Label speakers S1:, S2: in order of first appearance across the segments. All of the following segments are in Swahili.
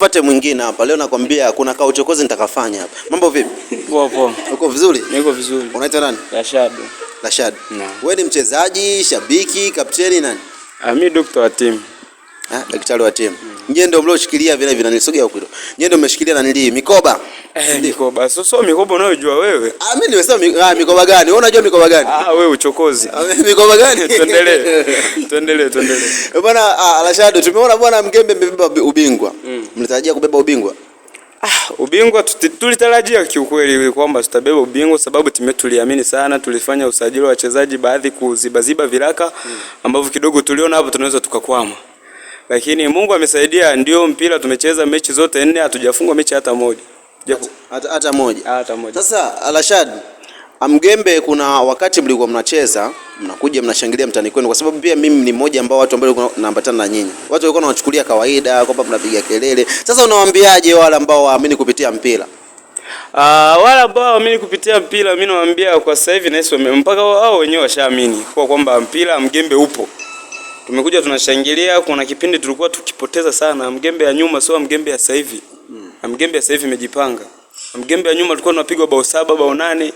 S1: Pate mwingine hapa leo, nakwambia kuna ka uchokozi nitakafanya hapa. Mambo vipi? Poa poa. Uko vizuri? Niko vizuri. Unaitwa nani? Rashad. Rashad. Wewe ni mchezaji, shabiki, kapteni nani?
S2: Ah, mimi doctor wa timu
S1: eh, daktari wa timu Nyie ndio mlioshikilia vile vile nilisogea huko. Nyie ndio mmeshikilia na nili mikoba.
S2: Eh, mikoba. So so mikoba unayojua wewe.
S1: Ah, mimi nimesema mi, ah, mikoba gani? Wewe unajua mikoba gani?
S2: Ah, wewe uchokozi.
S1: Ah, mikoba gani?
S2: Tuendelee. Tuendelee, tuendelee.
S1: Eh, bwana ah, Rashad tumeona bwana Mgembe mmebeba ubingwa. Mnatarajia mm, kubeba ubingwa?
S2: Ah, ubingwa tulitarajia kiukweli kwamba tutabeba ubingwa sababu timu yetu tuliamini sana. Tulifanya usajili wa wachezaji baadhi kuzibaziba viraka mm. ambavyo kidogo tuliona hapo tunaweza tukakwama lakini Mungu amesaidia, ndio mpira tumecheza mechi zote nne, hatujafungwa mechi hata moja
S1: hata, hata moja hata moja. Sasa Alashad Mgembe, kuna wakati mlikuwa mnacheza mnakuja mnashangilia mtani kwenu, kwa sababu pia mimi ni mmoja ambao watu ambao naambatana na nyinyi, watu walikuwa wanachukulia kawaida kwamba mnapiga kelele. Sasa unawaambiaje wale ambao waamini kupitia mpira?
S2: Uh, wale ambao waamini kupitia mpira, mimi nawaambia kwa sasa hivi na Yesu mpaka wao wenyewe washaamini kwa kwamba mpira Mgembe upo tumekuja tunashangilia. Kuna kipindi tulikuwa tukipoteza sana mgembe ya nyuma, sio mgembe ya sasa hivi mm. mgembe ya sasa hivi imejipanga. Mgembe ya nyuma tulikuwa tunapigwa bao saba bao nane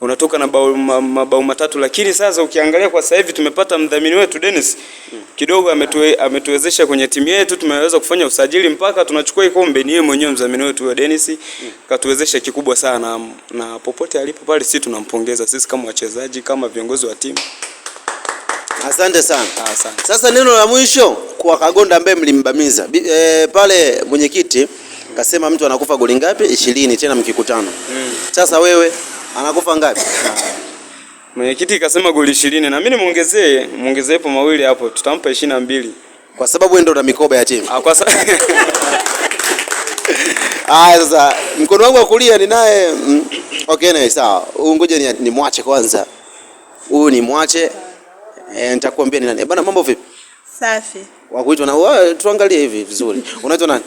S2: unatoka na bao mabao ma, matatu, lakini sasa ukiangalia kwa sasa hivi tumepata mdhamini wetu Dennis mm. kidogo ametue, ametuwezesha kwenye timu yetu, tumeweza kufanya usajili mpaka tunachukua ikombe. Ni yeye mwenyewe mdhamini wetu wa Dennis mm. katuwezesha kikubwa sana, na popote alipo pale sisi tunampongeza, sisi kama wachezaji, kama viongozi wa timu.
S1: Asante sana. Ah, asante. Sasa neno la mwisho kwa Kagonda ambaye mlimbamiza e, pale mwenyekiti kasema mtu anakufa goli ngapi? ishirini tena mkikutana. Mm. Sasa wewe anakufa ngapi? Ah.
S2: Mwenyekiti kasema goli ishirini na mimi nimuongezee muongezee hapo mawili hapo tutampa ishirini na mbili
S1: kwa sababu wewe ndio una mikoba ya timu. Ah, kwa sababu Ah, sasa mkono wangu wa kulia ninaye. Mm, okay, sawa. Ngoja ni, ni mwache kwanza. Huyu ni mwache Eh, nitakwambia ni nani. Eh, bana, mambo vipi? Safi. Wakuitwa na wewe, tuangalie hivi vizuri. Unaitwa nani?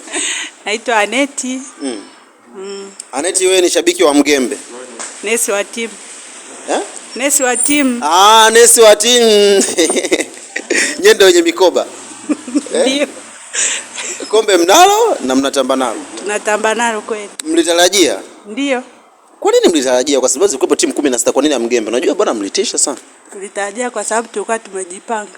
S3: Naitwa Aneti. Mm.
S1: Mm. Aneti, wewe ni shabiki wa Mgembe?
S3: Nesi wa timu. Eh? Nesi wa timu.
S1: Ah, nesi wa timu. Nyendo wenye mikoba. Eh? Ndio. Eh? Kombe mnalo na mnatamba nalo?
S3: Tunatamba nalo kweli.
S1: Mlitarajia? Ndio. Kwa nini mlitarajia? Kwa sababu zilikuwa timu 16, kwa nini ya Mgembe? Unajua bwana, mlitisha sana
S3: tulitarajia kwa sababu tulikuwa tumejipanga.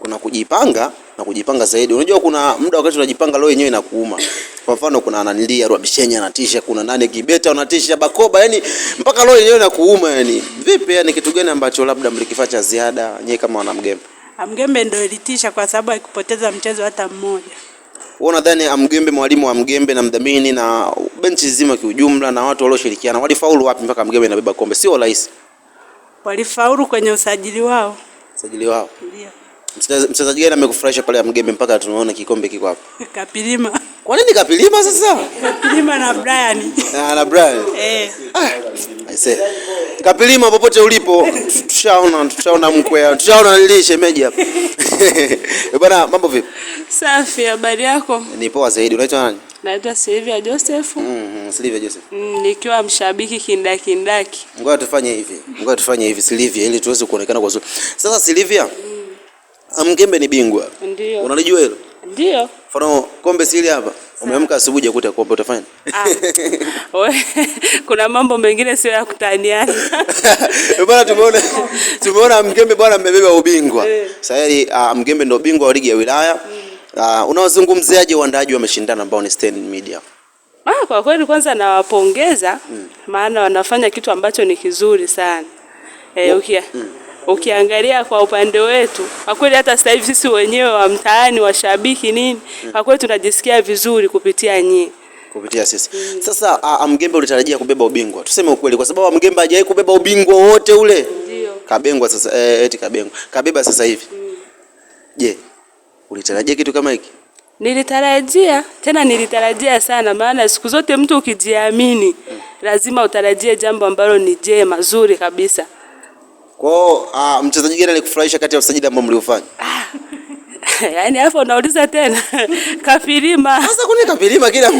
S1: Kuna kujipanga na kujipanga zaidi. Unajua kuna muda wakati unajipanga leo yenyewe inakuuma. Kwa mfano kuna ananilia Rwabishenya anatisha, kuna nani Kibeta anatisha, Bakoba yani mpaka leo yenyewe inakuuma yani. Vipi yani kitu gani ambacho labda mlikifanya ziada nyewe kama wanamgembe?
S3: Amgembe ndio ilitisha kwa sababu haikupoteza mchezo hata mmoja.
S1: Wewe unadhani Amgembe, mwalimu wa Amgembe na mdhamini na benchi zima kiujumla na watu walioshirikiana walifaulu wapi mpaka Amgembe inabeba kombe? Sio rahisi
S3: walifaulu kwenye usajili wao.
S1: Usajili wao? Ndio. Mchezaji gani amekufurahisha pale Mgembe mpaka tunaona kikombe kiko hapo?
S3: Kapilima.
S1: Kwa nini Kapilima sasa?
S3: Kapilima na Brian.
S1: Na ah, na Brian.
S3: Eh. Ah,
S1: I say. Kapilima popote ulipo, tushaona tushaona mkwea, tushaona lile meji hapa. Eh, bwana mambo vipi?
S3: Safi, habari yako?
S1: Ni poa zaidi. Unaitwa nani?
S3: naitwa Silvia Joseph.
S1: Mm, mm Silvia Joseph.
S3: Mm, nikiwa mshabiki kindaki ndaki.
S1: Ngoja tufanye hivi. Ngoja tufanye hivi Silvia ili tuweze kuonekana kwa uzuri. Sasa Silvia, mm. Mkembe ni bingwa. Ndio. Unalijua hilo? Ndio. Mfano kombe sili hapa. Umeamka asubuhi ya kuta kombe utafanya?
S3: Ah. Kuna mambo mengine sio ya kutaniana.
S1: Bwana tumeona tumeona Mkembe bwana amebeba ubingwa. Eh. Sasa uh, yaani, ah, Mkembe ndio bingwa wa ligi ya wilaya. Mm. Uh, ah, unawazungumziaje waandaaji wa mashindano ambao ni Stein Media?
S3: Ah, kwa kweli kwanza nawapongeza mm. maana wanafanya kitu ambacho ni kizuri sana e, ukia, mm. ukiangalia kwa upande wetu kwa kweli hata sasa hivi sisi wenyewe wa mtaani washabiki nini mm. kwa kweli tunajisikia vizuri kupitia nyinyi
S1: kupitia sisi mm. Sasa amgembe Mgembe ulitarajia kubeba ubingwa, tuseme ukweli, kwa sababu Mgembe hajawahi kubeba ubingwa wote ule. Ndio. Kabengwa sasa, eh, eti kabengwa kabeba sasa hivi mm. Je, Ulitarajia kitu kama hiki?
S3: Nilitarajia, tena nilitarajia sana, maana siku zote mtu ukijiamini hmm, lazima utarajie jambo ambalo ni jema zuri kabisa.
S1: Kwao uh, ah, mchezaji gani alikufurahisha kati ya usajili ambao mliofanya? Ah,
S3: yaani hapo unauliza tena kafirima.
S1: Sasa kuna kafirima kila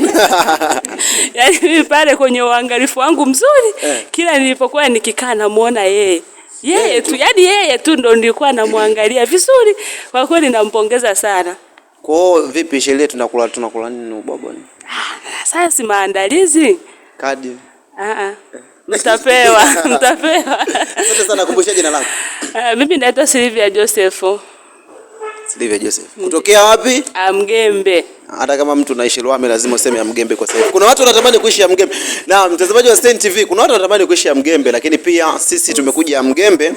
S3: yaani mimi pale kwenye uangalifu wangu mzuri eh, kila nilipokuwa nikikaa namuona yeye yeye tu, yani yeye tu ndo nilikuwa namwangalia vizuri kwa kweli, nampongeza sana.
S1: Kwao vipi sherehe, tunakula tunakula nini
S3: Ah, Sasa si maandalizi kadi. Ah ah. Mtapewa, mtapewa.
S1: Asante sana, kumbusha jina lako.
S3: Ah, mimi naitwa Silvia Joseph.
S1: Silvia Joseph. Kutokea wapi?
S3: Amgembe. Ah,
S1: hata kama mtu naishi Ruame lazima useme ya Mgembe kwa sababu kuna watu wanatamani kuishi ya Mgembe. Na mtazamaji wa Stein TV, kuna watu wanatamani kuishi ya Mgembe, lakini pia sisi tumekuja ya Mgembe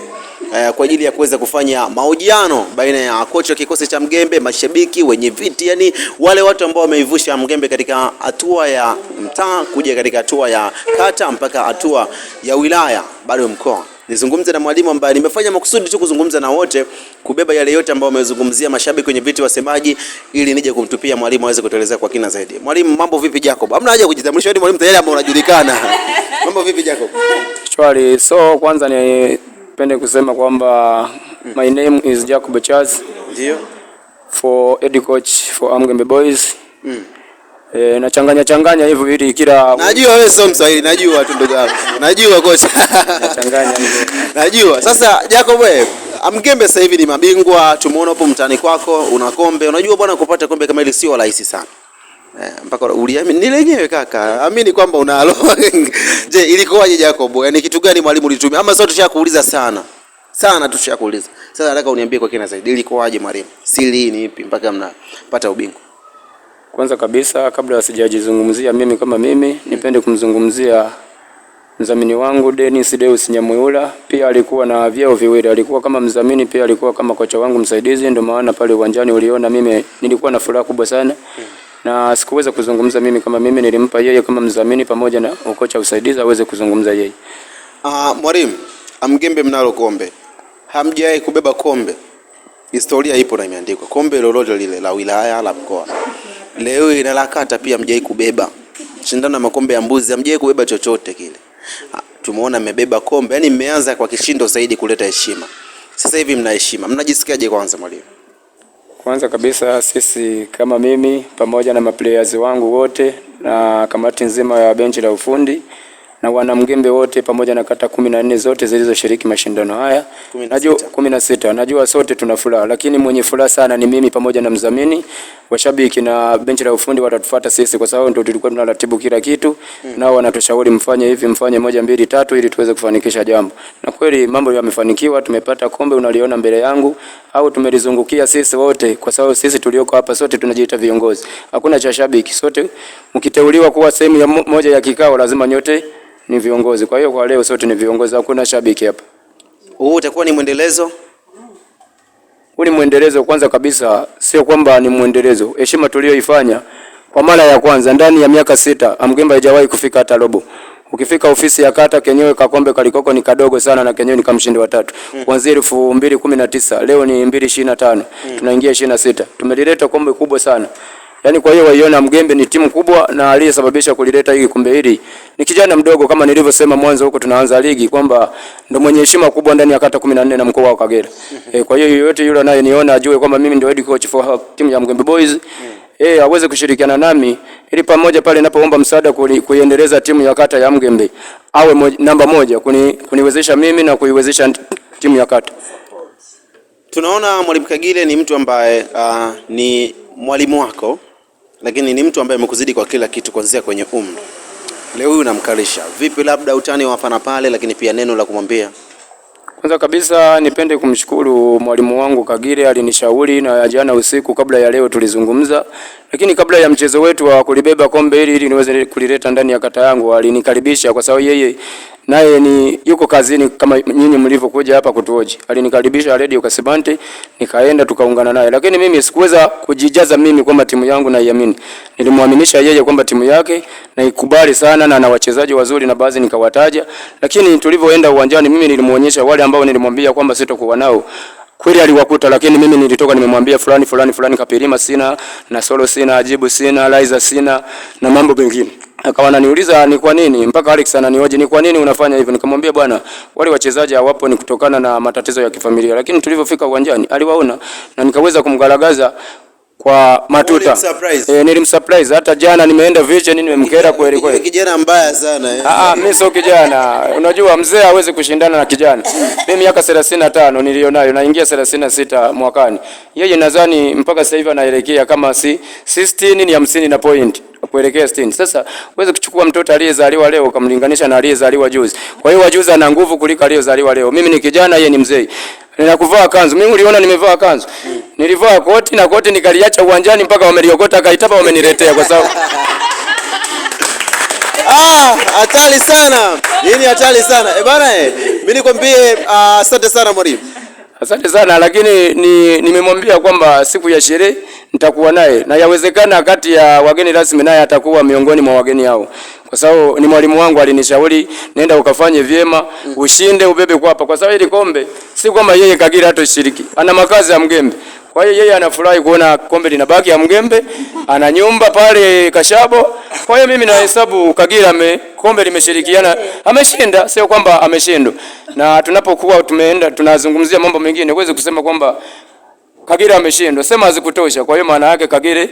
S1: eh, kwa ajili ya kuweza kufanya mahojiano baina ya kocha wa kikosi cha Mgembe, mashabiki, wenye viti, yani wale watu ambao wameivusha Mgembe katika hatua ya mtaa kuja katika hatua ya kata mpaka hatua ya wilaya bado mkoa nizungumze na mwalimu ambaye nimefanya makusudi tu kuzungumza na wote, kubeba yale yote ambayo wamezungumzia mashabiki kwenye viti wasemaji, ili nije kumtupia mwalimu aweze kutuelezea kwa kina zaidi. Mwalimu, mambo vipi Jacob? Hamna haja kujitambulisha, wewe yaani mwalimu tayari ambaye unajulikana. Mambo vipi Jacob?
S4: Shwari. So kwanza nipende kusema kwamba hmm. my name is Jacob Charles. Ndio. For head coach for Amgembe Boys. Mm. E, nachanganya changanya hivyo ili kila
S1: najua wewe sio Mswahili, najua tu ndugu yangu, najua kocha nachanganya hivyo najua. Sasa Jacob, wewe Amgembe sasa hivi ni mabingwa, tumeona hapo mtani kwako una kombe. Unajua bwana, kupata kombe kama ile sio rahisi sana e, mpaka uliamini ni lenyewe kaka, amini kwamba unalo je, ilikuwaje Jacob? Yaani kitu gani mwalimu ulitumia, ama sio? Tushakuuliza sana sana, tushakuuliza sasa. Nataka uniambie kwa kina zaidi, ilikuwaje mwalimu, siri ni ipi mpaka mnapata ubingwa?
S4: Kwanza kabisa kabla sijajizungumzia mimi kama mimi, nipende kumzungumzia mdhamini wangu Dennis Deus Nyamuyula. Pia alikuwa na vyeo viwili, alikuwa kama mdhamini, pia alikuwa kama kocha wangu msaidizi. Ndio maana pale uwanjani uliona mimi nilikuwa na furaha kubwa sana na sikuweza kuzungumza mimi kama mimi, nilimpa yeye kama mdhamini pamoja na ukocha usaidizi aweze kuzungumza yeye.
S1: Uh, mwalimu amgembe mnalo kombe, hamjai kubeba kombe, historia ipo na imeandikwa, kombe lolote lile la wilaya la mkoa Leo ina lakata pia mjai kubeba shindano ya makombe ya mbuzi, amjai kubeba chochote kile. Ah, tumeona mmebeba kombe, yani mmeanza kwa kishindo zaidi kuleta heshima. Sasa hivi mna heshima, mnajisikiaje kwanza mwalimu?
S4: Kwanza kabisa sisi kama mimi pamoja na maplayers wangu wote na kamati nzima ya benchi la ufundi na wanamgembe wote pamoja na kata kumi na nne zote zilizoshiriki mashindano haya najua kumi na sita. Najua sote tuna furaha, lakini mwenye furaha sana ni mimi pamoja na mzamini. Washabiki na benchi la ufundi watatufuata sisi, kwa sababu ndio tulikuwa tunaratibu kila kitu hmm. Nao wanatushauri mfanye hivi, mfanye moja mbili tatu, ili tuweze kufanikisha jambo, na kweli mambo yamefanikiwa. Tumepata kombe, unaliona mbele yangu, au tumelizungukia sisi wote, kwa sababu sisi tulioko hapa sote tunajiita viongozi, hakuna cha shabiki. Sote mkiteuliwa kuwa sehemu ya moja ya kikao, lazima nyote ni viongozi. Kwa hiyo kwa leo sote ni viongozi, hakuna shabiki hapa.
S1: Huu utakuwa ni mwendelezo
S4: huu ni mwendelezo. Kwanza kabisa, sio kwamba ni mwendelezo, heshima tuliyoifanya kwa mara ya kwanza ndani ya miaka sita, Amgemba haijawahi kufika hata robo. Ukifika ofisi ya kata kenyewe kakombe kalikoko ni kadogo sana, na kenyewe ni kamshindi wa tatu hmm. kuanzia mm. 2019 leo ni 2025 hmm. tunaingia 26 tumelileta kombe kubwa sana. Yaani kwa hiyo waiona Mgembe ni timu kubwa na aliyesababisha kulileta hili kombe hili ni kijana mdogo kama nilivyosema mwanzo huko tunaanza ligi kwamba ndio mwenye heshima kubwa ndani ya kata 14 na mkoa wa Kagera. E, kwa hiyo yoyote yule anayeniona ajue kwamba mimi ndio head coach for timu ya Mgembe Boys. Mhm. Eh, aweze kushirikiana nami ili pamoja pale ninapoomba msaada kuiendeleza timu ya kata ya Mgembe awe moj, namba moja kuni, kuniwezesha mimi na kuiwezesha timu ya kata.
S1: Tunaona Mwalimu Kagile ni mtu ambaye uh, ni mwalimu wako lakini ni mtu ambaye amekuzidi kwa kila kitu, kuanzia kwenye umri. Leo huyu namkalisha vipi, labda utani wa hapa pale, lakini pia neno la kumwambia
S4: kwanza kabisa nipende kumshukuru mwalimu wangu Kagire, alinishauri na jana usiku kabla ya leo tulizungumza, lakini kabla ya mchezo wetu wa kulibeba kombe hili ili niweze kulileta ndani ya kata yangu, alinikaribisha kwa sababu yeye naye ni yuko kazini kama nyinyi mlivyokuja hapa kutuoji. Alinikaribisha Radio Kasibante, nikaenda tukaungana naye, lakini mimi sikuweza kujijaza mimi kwamba timu yangu naiamini. Nilimwaminisha yeye kwamba timu yake naikubali sana na na wachezaji wazuri na baadhi nikawataja, lakini tulivyoenda uwanjani, mimi nilimuonyesha wale ambao nilimwambia kwamba sitokuwa nao Kweli aliwakuta, lakini mimi nilitoka nimemwambia fulani fulani fulani, kapilima sina na solo sina, ajibu sina, laiza sina na mambo mengine akawa ananiuliza ni kwa nini mpaka Alex ananioje, ni kwa nini unafanya hivyo? Nikamwambia bwana, wale wachezaji hawapo ni kutokana na matatizo ya kifamilia, lakini tulivyofika uwanjani aliwaona na nikaweza kumgaragaza kwa matuta. E, nilimsurprise hata jana nimeenda vision nimemkera kweli kweli.
S1: Kijana mbaya sana eh.
S4: Ah, ah, mimi sio kijana. Unajua mzee hawezi kushindana na kijana. Mimi miaka 35 nilionayo naingia 36 mwakani. Yeye nadhani mpaka sasa hivi anaelekea kama si 60 ni 50 na point kuelekea 60. Sasa uweze kuchukua mtoto aliyezaliwa leo ukamlinganisha na aliyezaliwa juzi. Kwa hiyo wajuzi ana nguvu kuliko aliyezaliwa leo. Mimi ni kijana, yeye ni mzee nina kuvaa kanzu. Mimi uliona nimevaa kanzu. Mm. Nilivaa koti na koti nikaliacha uwanjani mpaka wameliokota kaitaba wameniletea kwa sababu
S1: Ah, hatari sana. Nini hatari sana? Eh, bana eh. Mimi nikwambie ah, asante uh, sana mwalimu.
S4: Asante sana lakini ni nimemwambia kwamba siku ya sherehe nitakuwa naye na yawezekana kati ya wageni rasmi naye atakuwa miongoni mwa wageni hao kwa sababu ni mwalimu wangu alinishauri, nenda ukafanye vyema, ushinde, ubebe kwa hapa, kwa sababu ile kombe si kwamba yeye Kagira hata hatoshiriki, ana makazi ya Mgembe. Kwa hiyo yeye anafurahi kuona kombe linabaki ya Mgembe, ana nyumba pale Kashabo. Kwa hiyo mimi nahesabu Kagira ame kombe limeshirikiana, ameshinda, sio kwamba ameshindwa. Na tunapokuwa tumeenda tunazungumzia mambo mengine, huwezi kusema kwamba Kagira ameshindwa, sema hazikutosha. Kwa hiyo maana yake Kagira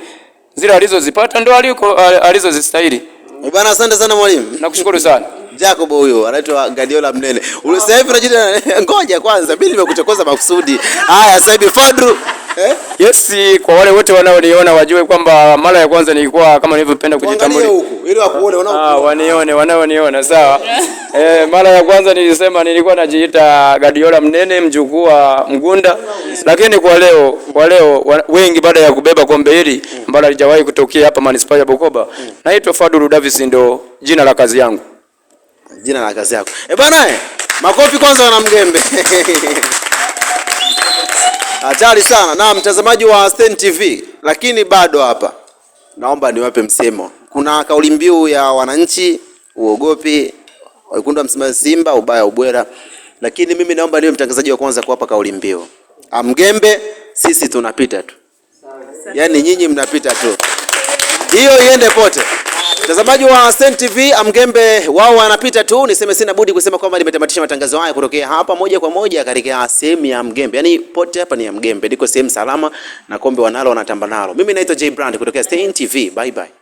S4: zile alizozipata ndo aliko alizozistahili.
S1: Eh, Bwana, asante sana mwalimu.
S4: Nakushukuru sana.
S1: Jacob huyo anaitwa gadiola Mnene. Ule sasa hivi ngoja kwanza mimi nimekuchokoza makusudi. Haya sasa hivi Fadru
S4: eh? Yes, kwa wale wote wanaoniona wajue kwamba mara ya kwanza nilikuwa kama nilivyopenda kujitambulisha huko ili wakuone ah, wanaokuona. Ah, wanione wanaoniona sawa. Eh, mara ya kwanza nilisema nilikuwa najiita Gadiola Mnene mjukuu wa Mgunda, lakini kwa leo kwa leo wengi baada ya kubeba kombe hili ambalo halijawahi kutokea hapa Manispaa ya Bukoba,
S1: naitwa Fadulu Davis, ndo jina la kazi yangu. Jina la kazi yako. Eh, bwana, eh, makofi kwanza wanamgembe. hatari sana. Na mtazamaji wa Stein TV, lakini bado hapa naomba niwape msemo. Kuna kauli mbiu ya wananchi, uogopi wekundu wa Msimbazi Simba, ubaya ubwera, lakini mimi naomba niwe mtangazaji wa kwanza kuwapa kauli mbiu. Amgembe, sisi tunapita tu, yaani nyinyi mnapita tu, hiyo iende pote. Mtazamaji wa Sen TV amgembe wao wanapita tu, niseme sina budi kusema kwamba nimetamatisha matangazo haya kutokea hapa moja kwa moja katika sehemu ya mgembe, yaani pote hapa ni ya mgembe, niko sehemu salama na kombe wanalo wanatamba nalo. Mimi naitwa J Brand kutokea Sen TV, bye bye.